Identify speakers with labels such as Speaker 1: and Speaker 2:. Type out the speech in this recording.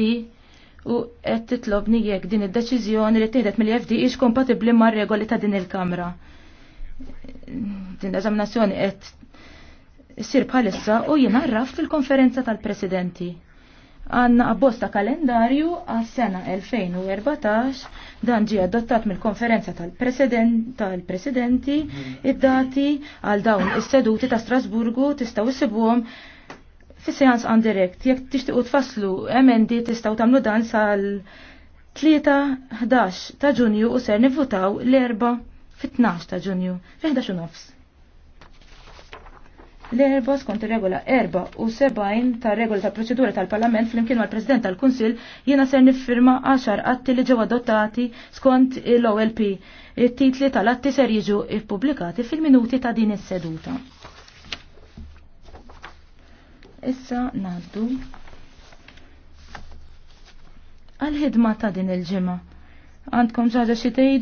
Speaker 1: li u qed titlobni jekk din id-deċiżjoni li tieħdet mill-FD hix kompatibbli mar-regoli ta' din il-Kamra. Din l-eżaminazzjoni qed issir bħalissa u jien arraf fil-konferenza tal-Presidenti. Għanna abbosta kalendarju għas sena 2014 dan ġi adottat mill-konferenza tal-presidenti mm. id-dati għal dawn is-seduti ta' Strasburgu tistaw issibuhom fi seans on direct. Jek tixtiqu tfasslu emendi tistaw tamlu dan sal 3-11 ta' ġunju u ser nivvutaw l-4 fit-12 ta' ġunju, fi-11 nofs. l 4 skont regola 4 u 70 ta' regola ta' proċedura tal-Parlament flimkien mal president tal-Kunsil jiena ser nifirma 10 atti li ġew adottati skont l-OLP. il titli tal-atti ser jiġu ippubblikati fil-minuti ta' din is-seduta. Issa naddu għal-ħidma ta' din il-ġimgħa. Għandkom ġaġa xi tgħidu